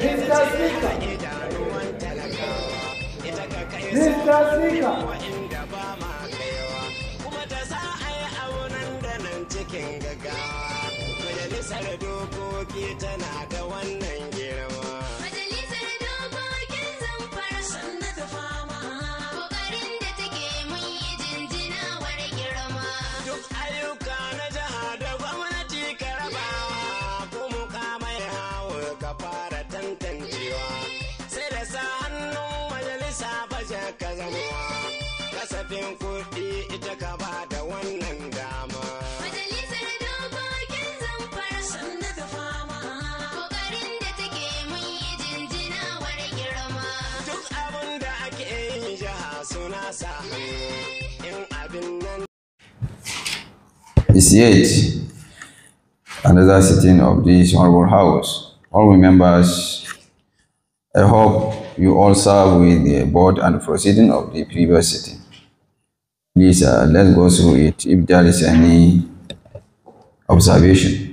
Mr. Speaker. Mr. Speaker. Kuma za a yi cikin Majalisar is another sitting of this honorable house. All members, I hope you all serve with the board and proceeding of the previous sitting. Please, uh, let's go through it if there is any observation.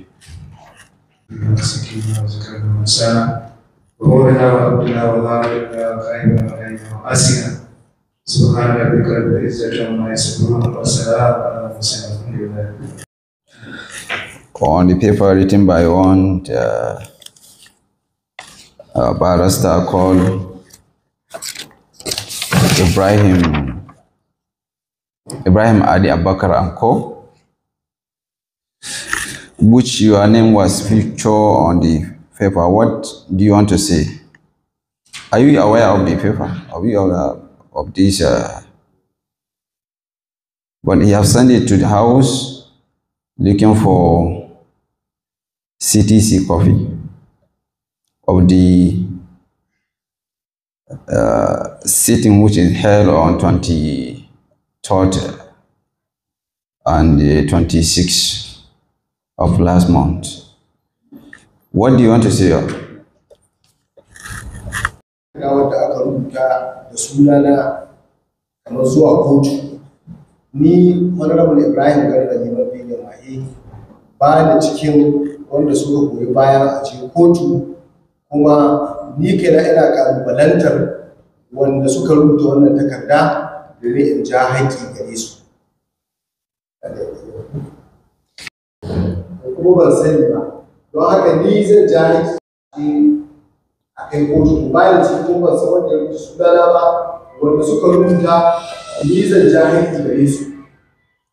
سبحان ربك رب عما يصفون وسلام on the paper written by one uh, uh, barrister called Ibrahim Ibrahim Adi Abakar Anko, Which your name was featured on the paper. What do you want to say? Are you aware of the paper? Are you aware of this? Uh, but he have sent it to the house looking for CTC coffee of the uh, sitting which is held on 23rd and the 26th of last month. What do you want to say? ni honorable ibrahim garba ne mafi mahe ba da cikin wanda suka goyi baya a cikin kotu kuma ni na ina kalubalantar wanda suka rubuta wannan takarda domin in ja haƙƙi gare su kuma ban sani ba don haka ni zan ja haƙƙi a kai kotu bayan cikin ban san wanda ya rubuta sunana ba wanda suka rubuta nizan jahilci gare su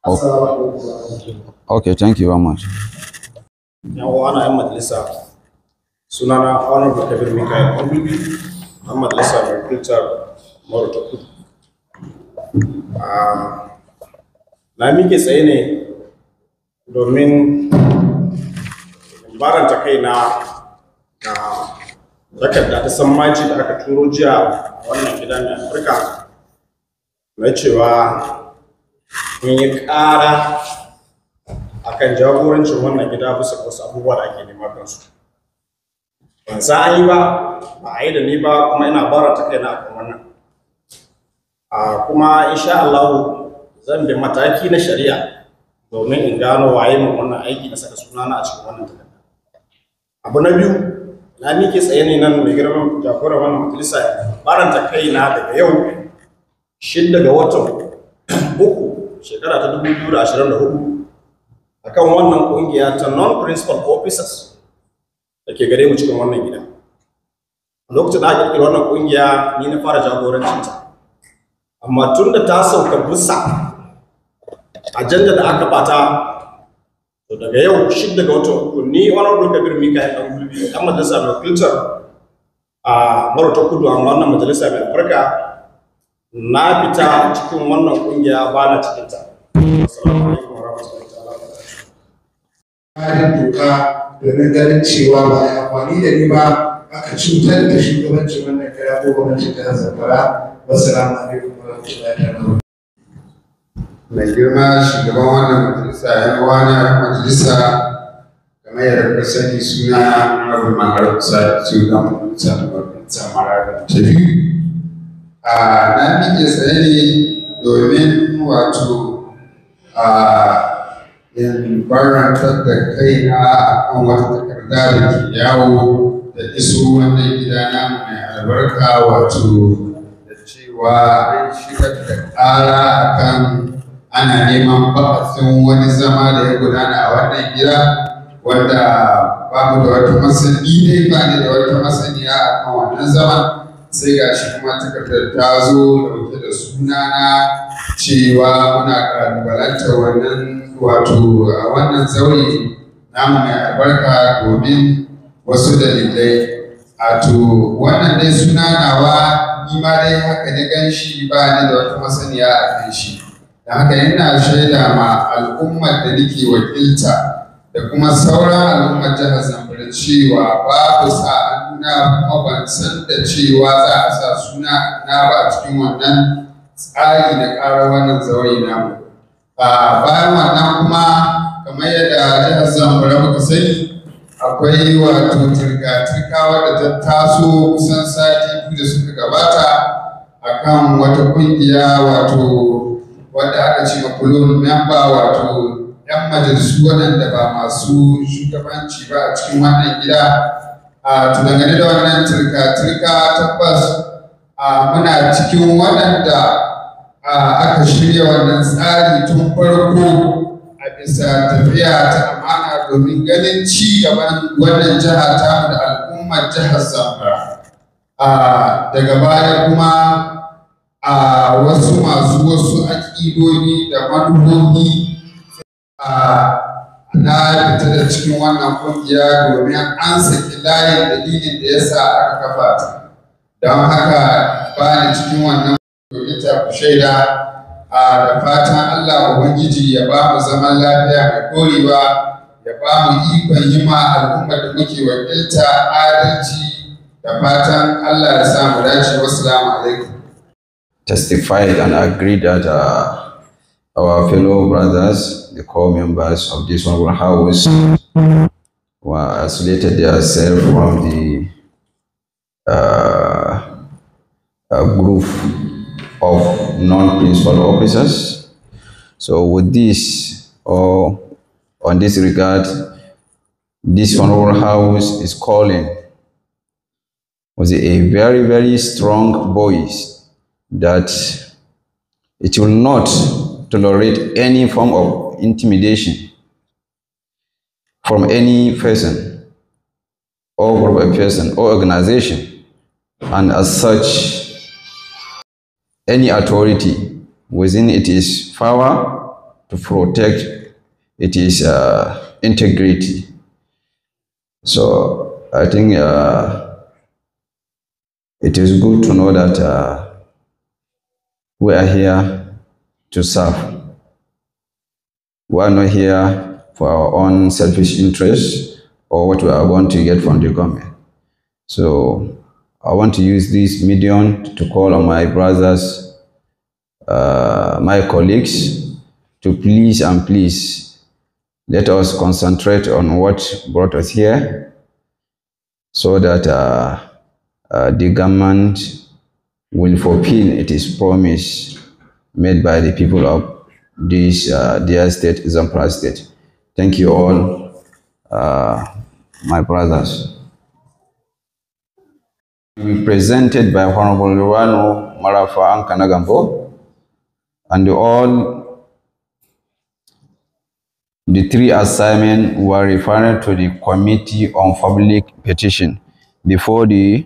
assalamu alaikum okay thank you very much Yawon ana yin majalisa sunana honorable kabir mikael obibi na majalisa mai kultar maruta kudu ah, na mike tsaye ne domin baranta kai na. da ta san maci da aka turo jiya wannan gidan ne afirka na cewa mun yi ƙara a kan jagorancin wannan gida bisa wasu abubuwa da ake nema kansu ban sa an yi ba ba a yi da ni ba kuma ina bara ta kaina akan wannan kuma insha Allah zan bi mataki na shari'a domin in gano waye mun wannan aiki na saka sunana a cikin wannan takarda abu na biyu na miƙe tsaye ne nan mai girman jagoran wannan majalisa baranta na daga yau shidda ga watan uku shekara ta dubu biyu da ashirin da hudu a kan wannan ƙungiya ta non-principal officers da ke gare mu cikin wannan gida a lokacin da aka ƙirƙiri wannan ƙungiya ni na fara ta amma tun da ta sauka bisa ajanda da aka bata to daga yau shidda ga watan uku ni honorable kabir mikael dan gulbi dan majalisa mai wakiltar a maro ta kudu amma wannan majalisa mai albarka na fita cikin wannan kungiya ba na cikin ta assalamu alaikum wa doka domin ganin cewa ba ya amfani da ni ba aka cutar da shugabancin wannan kaya ko gwamnatin ta zamfara wassalamu alaikum wa rahmatullahi ta'ala mai girma shugaban wannan majalisa ya wani majalisa kamar yadda ku sani suna abu mahar kusa su da majalisa da mara da ta a na miƙe tsaye ne domin wato a yin barantar da kaina akan wata takarda da ke yawo da iso wannan gida mai albarka wato da cewa an shigar da ƙara akan ana neman ba'asin wani zama da ya gudana a wannan gida wanda babu da wata masani dai ba ne da wata masaniya a kan wannan zama sai ga shi kuma takardar ta zo dauke da sunana cewa muna kalubalanta wannan wato a wannan zaure namu mai albarka domin wasu dalilai wato wannan dai suna nawa ni ma dai haka na gan shi ba ne da wata masaniya a kan shi da haka ina shaida ma al'ummar da nake wakilta da kuma sauran al'ummar jihar Zamfara cewa babu sa kuma ban da cewa za a sa suna na ba cikin wannan tsari da ƙara wannan zaure namu. Bayan wannan kuma kamar yadda jihar Zamfara muka sani akwai wato turka-turka wadda ta taso kusan sati biyu da suka gabata akan wata ƙungiya wato wanda aka ce ma nan ba wato yan majalisu waɗanda ba masu shugabanci ba a cikin wannan gida a dangane da wannan turka-turka tabbas a muna cikin waɗanda aka shirya wannan tsari tun farko a bisa tafiya ta amana domin ganin ci gaban wannan jiha ta da al'ummar jihar Zamfara. Daga baya kuma a wasu masu wasu aƙidodi da manufofi a na fita da cikin wannan ƙungiya domin an saki layin dalilin da ya sa aka kafa ta don haka ba ni cikin wannan domin ta ku shaida a da fatan Allah Ubangiji ya ba mu zaman lafiya mai ɗorewa ya ba mu ikon yi ma al'ummar da muke wakilta adalci da fatan Allah ya sa mu dace wasu alaikum testified and agreed that uh, our fellow brothers, the core members of this honorable house, were isolated themselves from the uh, uh group of non-principal officers. So with this, or on this regard, this honorable house is calling was a very, very strong voice that it will not tolerate any form of intimidation from any person or group of person or organization and as such any authority within it is power to protect it is uh, integrity so i think uh, it is good to know that uh, we are here to serve. We are not here for our own selfish interests or what we are going to get from the government. So I want to use this medium to call on my brothers, uh, my colleagues, to please and please let us concentrate on what brought us here so that uh, uh, the government will fulfill it is promise made by the people of this uh, their state, Zamfara state. Thank you all, uh, my brothers. We presented by Honorable Luano Marafa Ankanagambo and all the three assignments were referred to the Committee on Public Petition before the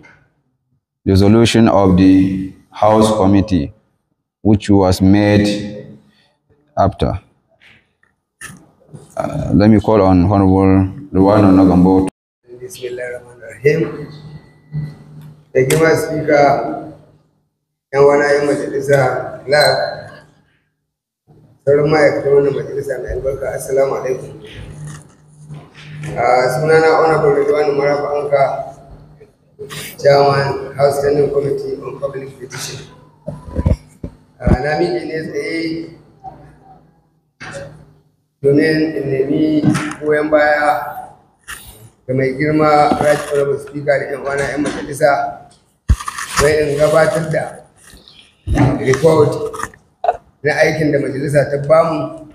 resolution of the House Committee, which was made after. Uh, let me call on Honorable Luwano Nogambo. Da speaker, Assalamu alaikum. Uh, sunana Honorable chairman house standing committee on public petition ah, na miƙe ne tsaye domin in nemi goyon baya da mai girma right honorable speaker da yan uwana yan majalisa don in gabatar da report na aikin da majalisa ta bamu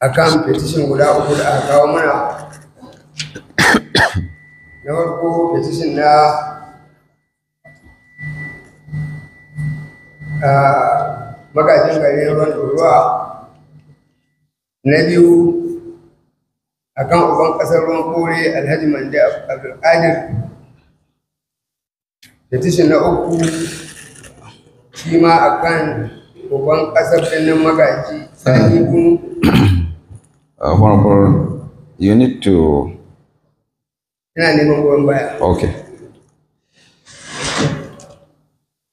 akan petition guda uku da aka kawo mana na farko petition na magajin gari ruwan ruwa na biyu a kan uban ƙasar ruwan kore alhaji mande abdulkadir petition na uku shi ma a kan uban ƙasar birnin magaji sani kunu Uh, honorable, you need to yana neman goyon baya okay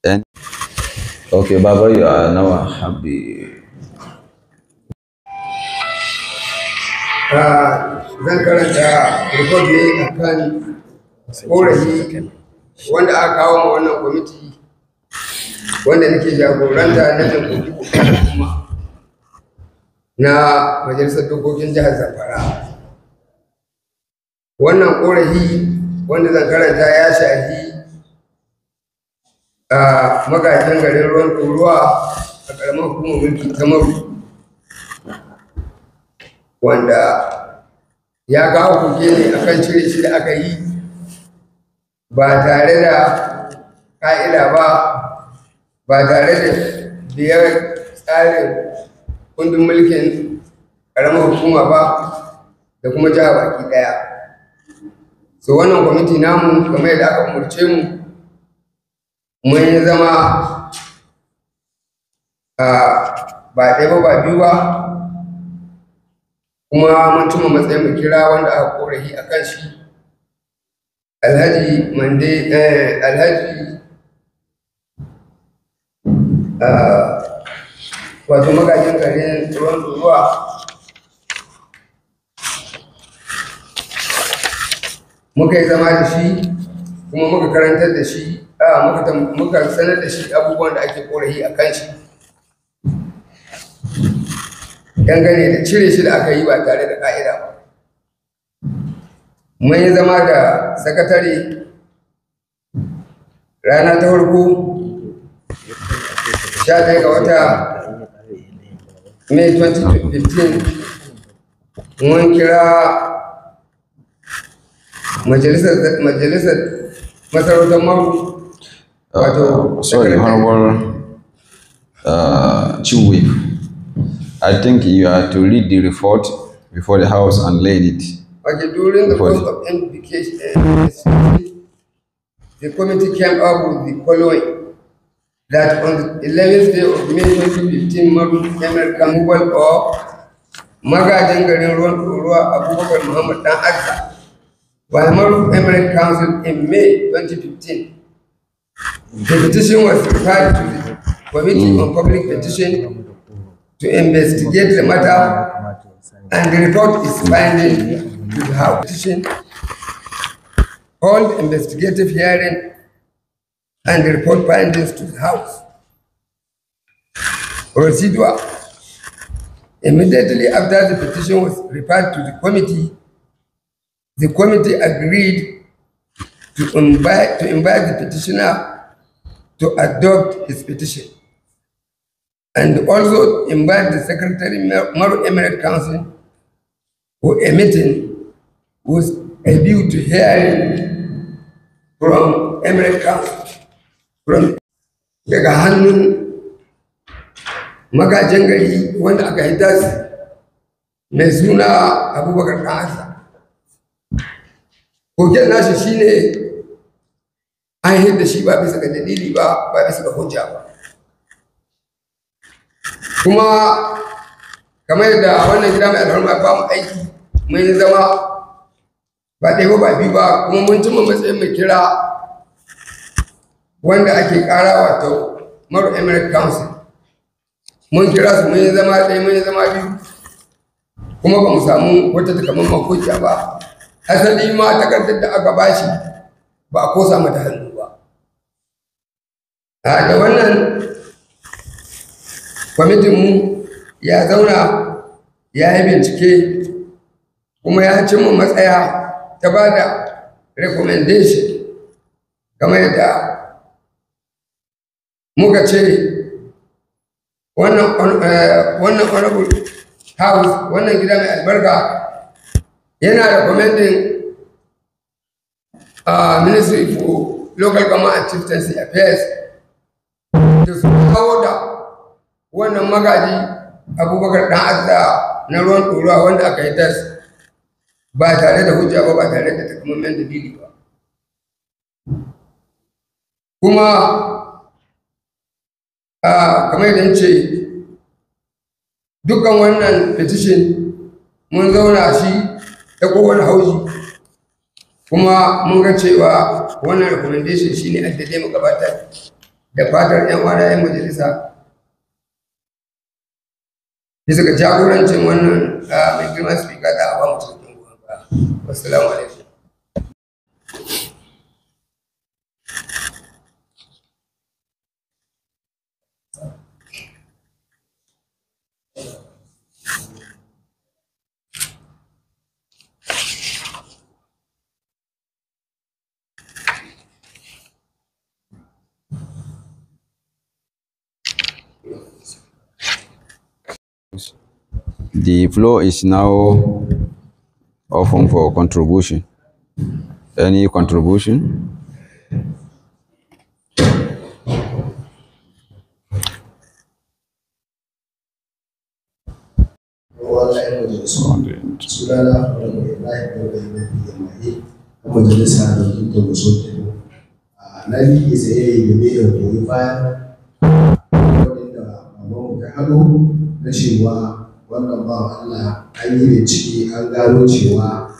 And, okay baba you are now happy ah, zan karanta report ne akan korafi wanda aka kawo ma wannan kwamiti wanda nake jagoranta na jamhuriyar kuma na majalisar dokokin jihar zamfara wannan ƙorafi wanda zan karanta ya shafi a magajin garin ruwan ɗoruwa a ƙaramin hukumar mulki ta maru wanda ya kawo kuke ne a kan cire shi da aka yi ba tare da ƙa'ida ba ba tare da biyar tsarin kundin mulkin ƙaramin hukuma ba da kuma jihar baki ɗaya so wannan kwamiti namu kamar yadda aka umarce mu mun zama ba ɗaya ba ba biyu ba kuma mun tuma matsayin mu kira wanda aka korafi a kan shi alhaji mande eh, alhaji wato magajin garin ruwan zuwa muka yi zama da shi kuma muka karantar da shi a muka sanar da shi abubuwan da ake korafi a kan shi dangane da cire shi da aka yi ba tare da ka'ida ba mun yi zama da sakatare rana ta farko sha ɗaya ga wata mai 2015 mun kira majalisar masarautar maru ah, wato sorry honorable uh, chief whip i think you are to read the report before the house and laid it okay during the course of invocation uh, the committee came up with the following that on the 11th day of May 2015, Maru Emir Kamuwal of Magajin Garin Ruwa Abubakar Muhammad Dan Azza By the Emirate Council in May 2015. The petition was referred to the Committee mm. on Public Petition to investigate the matter and the report is finding to the House. Petition called investigative hearing and the report findings to the House. Procedure. Immediately after the petition was referred to the committee, the committee agreed to invite, to invite the petitioner to adopt his petition and also invite the Secretary Moro Emirate Council for a meeting with a view to hearing from Emirate Council from daga hannun magajin gari wanda aka yi mai suna abubakar ɗansa gogen nashi shine ainihin da shi ba bisa ga dalili ba ba bisa ga hujja ba kuma kamar yadda wannan gida mai alfarma ba mu aiki mai yi zama ba ɗaya ba ba biyu ba kuma mun cimma matsayin mai kira wanda ake ƙara wato maru emirate council mun kira su mun yi zama ɗaya mun yi zama biyu kuma ba mu samu wata takamaiman hujja ba Asali ma takardar da aka bashi ba a kosa mata hannu ba a da wannan kwamitinmu ya zauna ya yi bincike kuma ya cimma matsaya ta ba da recommendation game da muka ce wannan eh, honorable house wannan gida mai albarka yana recommending uh, ministry for local government activities affairs da su kawo da wannan magaji abubakar dan azza na ruwan ɗoruwa wanda aka yi tas ba tare da hujja ba ba tare da takamaiman dalili ba kuma uh, kamar yadda ce dukkan wannan petition mun zauna shi ta wani hauji kuma mun ga cewa wannan recommendation shi ne ake zai gabatar da fatar yan wada yan majalisa bisa ga jagorancin wannan ah, mai girma speaker da abuwa mutum wasu alaikum The floor is now open for contribution. Any contribution? majalisa da kuka wasu na yi isa da me da goyi na cewa wannan ba Allah an yi ciki an gano cewa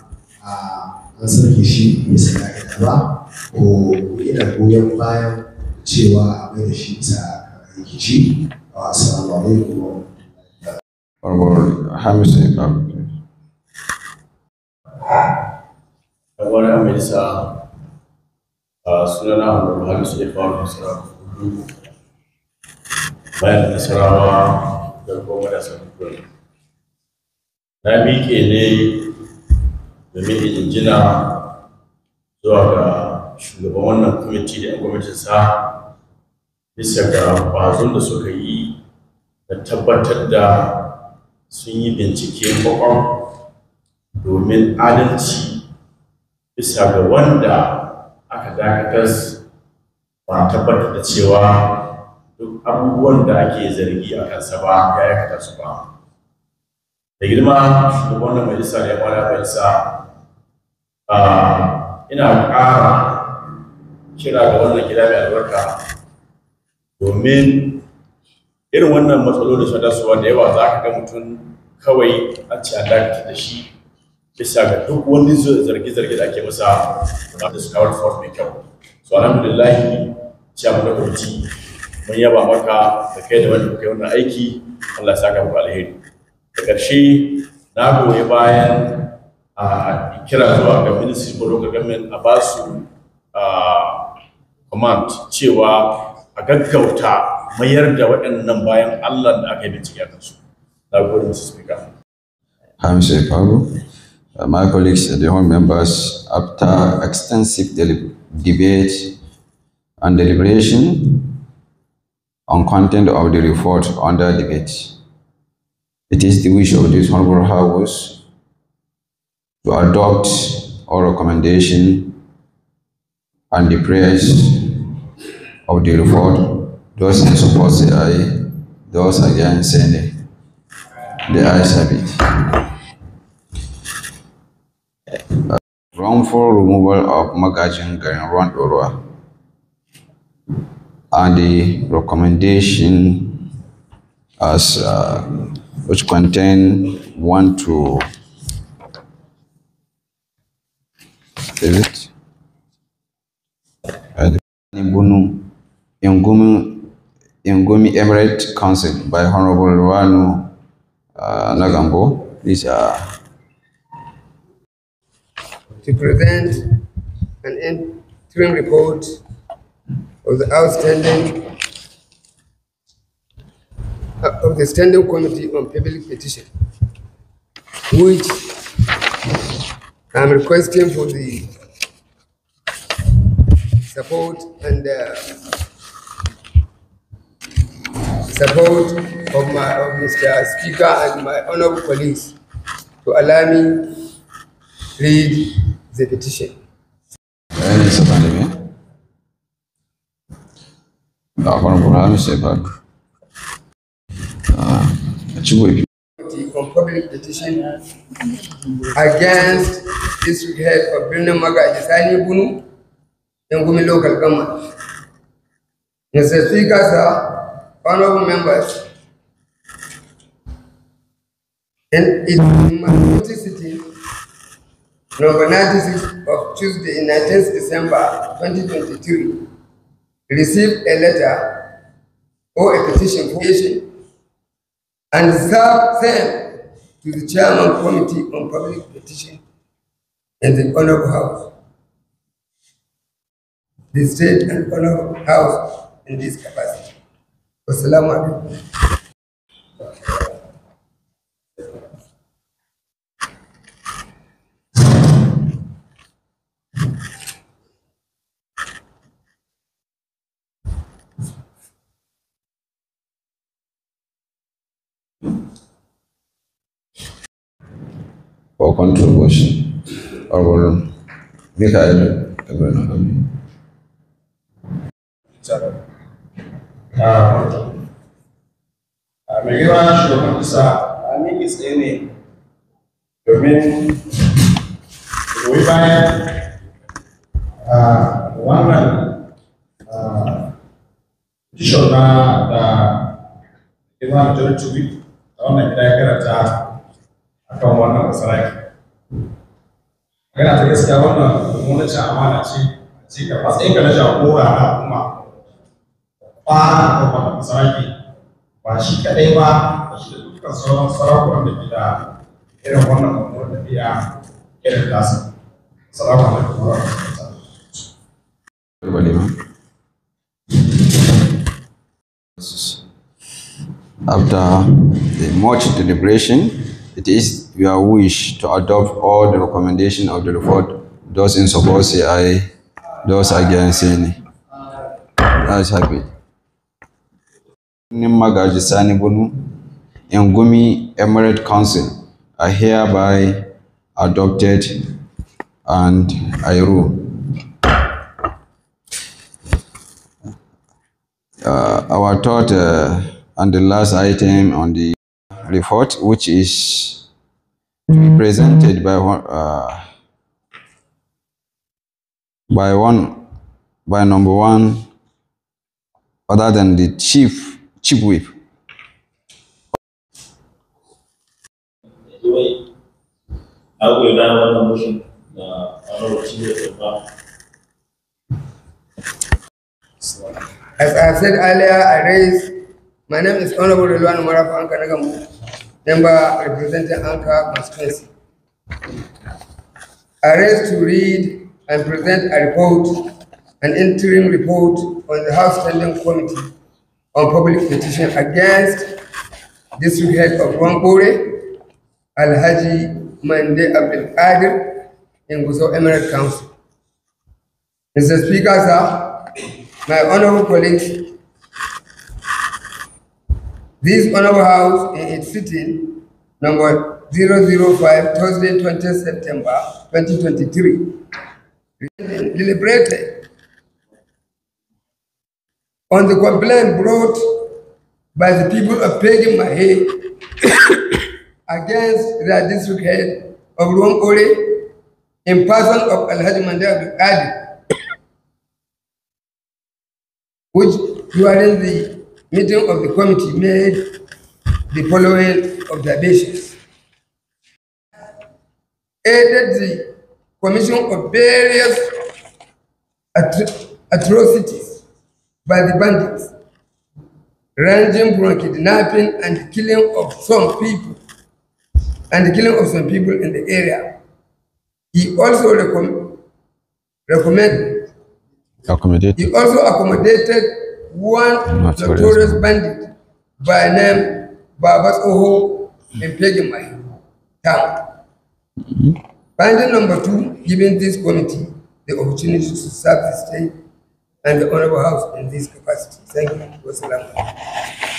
an sarki shi bisa ka'ida ba ko ina goyon bayan cewa a mai da shi bisa aiki shi alaikum a sunana Amurka Hamisu da Nasarawa. Bayan Nasarawa da kuma da Sarkuri. na miƙe ne domin injina zuwa ga shugaban wannan kwamiti da gwamnatin gwamnatinsa bisa ga bazon da suka yi da tabbatar da sun yi bincike kwakwam domin adalci bisa ga wanda aka dakatar ba tabbatar da cewa duk abubuwan da ake zargi a kansa ba ya yakata su ba da girma wannan majalisa da yawon majalisa ina kara kira ga wannan gida mai albarka domin irin wannan matsalolin sadarsuwa da yawa za ka ga mutum kawai an ce an da shi bisa ga duk wani zarge-zarge da ake masa na da sukawar fort mai kyau so alhamdulillahi cewa da kurci mun yaba maka da kai da wani kai wannan aiki allah ya saka muku alheri ƙarshe na goyi bayan a kira zuwa ga ministry for local government a ba su command cewa a gaggauta mayar da waɗannan bayan allah da aka yi bincike a kansu na gode mr speaker Hamish Paolo, uh, my colleagues and uh, the Home members, after extensive debate and deliberation on content of the report under debate, It is the wish of this Honorable House to adopt our recommendation and the prayers of the report, those in support say aye, those against say nay. The ayes have it. Wrongful removal of magazine Garin Orwa and the recommendation as uh, which contain one to is it? Ngumi Emirate Council by Honorable Ruanu uh, Nagambo. These are to prevent an interim report of the outstanding of the Standing Committee on Public Petition, which I'm requesting for the support and uh, support of my of Mr. Speaker and my honorable colleagues to allow me read the petition. Honorable Mr from public petition against district head for Birnin Magaji Sani Bunu in Gumi local government. Mr. Speaker, sir, honorable members, and in my city, number 96 of Tuesday, 19th December twenty twenty-two, received a letter or a petition for and serve them to the Chairman Committee on Public Petition and the Honorable House. The State and Honorable House in this capacity. Wassalamu alaikum. or contribution! over Mikhail Ibn Abi. Mai girma shugaban kasa, amin ki tsaye ne domin goyi bayan wannan tishon na da Imam Jartubi a wannan gida ya karanta akan wannan masaraki magana ta gaskiya wannan mummunan amana ce ce ka matsayin ka na jagora na kuma ba da wannan masaraki ba shi kadai ba ba shi da dukkan sauran sarakunan da ke da irin wannan mummunan tafiya irin tasa salamu da kuma rahmatullahi After the much deliberation, It is your wish to adopt all the recommendations of the report, those in support say aye, those against any. nay. That's happy. Nimagaji Sani Bunu and Gumi Emirate Council are hereby adopted and I rule. Uh, our third uh, and the last item on the report which is to hmm. be presented by one uh, by one by number one other than the chief chief whip uh, As I said earlier, I raised, my name is Honorable Luan Marafa Ankanagambu member representing Antwerp I Arranged to read and present a report, an interim report on the House Standing Committee on Public Petition against District Head of Al Alhaji Mande Abdel Qadir in Gusau Emirate Council. Mr. Speaker, sir, my honorable colleagues, this Honorable House in eh, its eh, sitting number 005, Thursday, 20 September 2023, deliberated on the complaint brought by the people of Peggy Mahe against the district head of Luang in person of Alhaji Mandi Abdul which during the meeting of the committee made the following observations. Aided the commission of various atro atrocities by the bandits, ranging from kidnapping and killing of some people, and the killing of some people in the area. He also recommended. Recommend, he also accommodated one notorious bandit by name Babas Oho in Pegimai town. Bandit number two giving this committee the opportunity to serve the state and the Honorable House in this capacity. Thank you.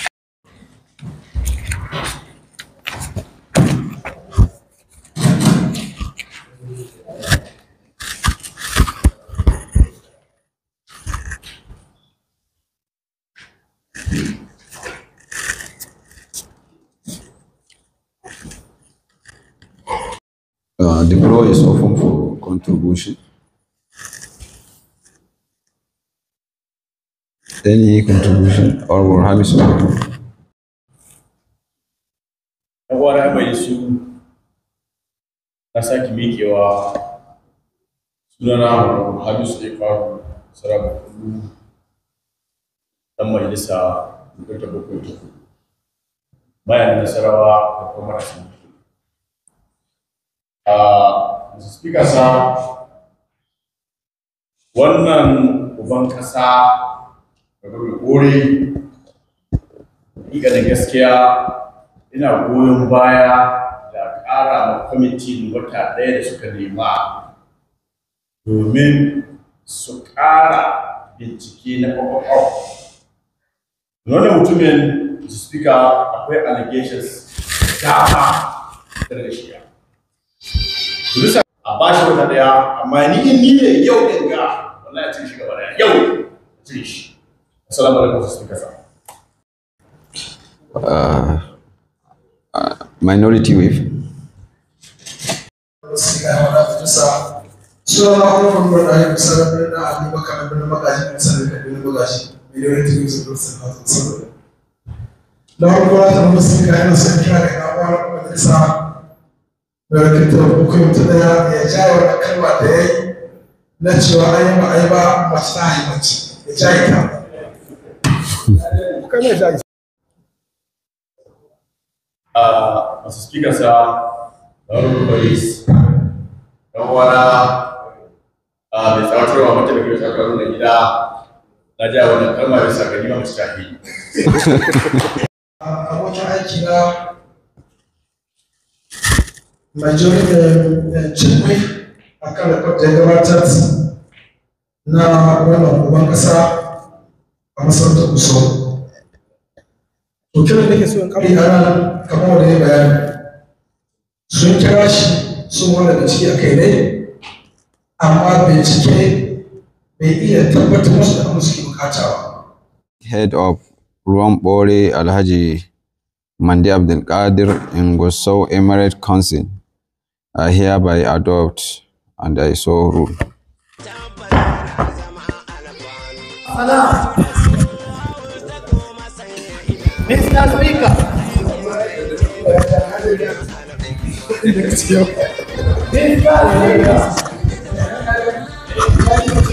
floor is open for contribution. Any contribution or Warham is open. Warham is na sake mikewa sunana Hamisu ne faru sarrafa kudu dan majalisa dokta bakwai ta bayan nasarawa da kuma rashin a ah, Spika wannan uban ƙasa daga mai kore da gaskiya ina goyon baya da ƙara ma kwamitin wata ɗaya da suka nema domin su ƙara bincike na ƙwaƙwaƙwaf. Wannan mutumin spika akwai allegations dama da rashiya. a ba shi wata daya amma ni in ni ne yau din ga wallahi cin shi gaba daya yau cin shi assalamu alaikum su uh, kasa uh, minority wave suna na kuma na da haifu sanar da abin baka na magaji na sanar da abin da minority wave Na rufe sanar da sanar da na kuma na da kayan sun kira da kawo sa. rarrakintar hukunta ɗaya ya jaye wani kalma da ya yi na cewa an yi ma'ai ba mace ta haimaci ya jaye ta a masu speaker sa don wani a ah, mai tsawatarwa mace da kuma tsakarar da gida na jaye wani kalma bisa ga nima mace ta haimaci abokin aiki na mai cikin a kan da ya gabatar na wannan uban ƙasa a masarautar kuso. To kiran da ke so in kamar yana kamar wanda ya bayani sun kira shi sun wani da ciki a kai ne amma bincike bai iya tabbatar musu da abin suke bukata ba. Head of Ruwan Bore Alhaji Mandi Abdulkadir in Emirate Council I hereby adopt and I so rule. Mr. Speaker, Mr. Speaker,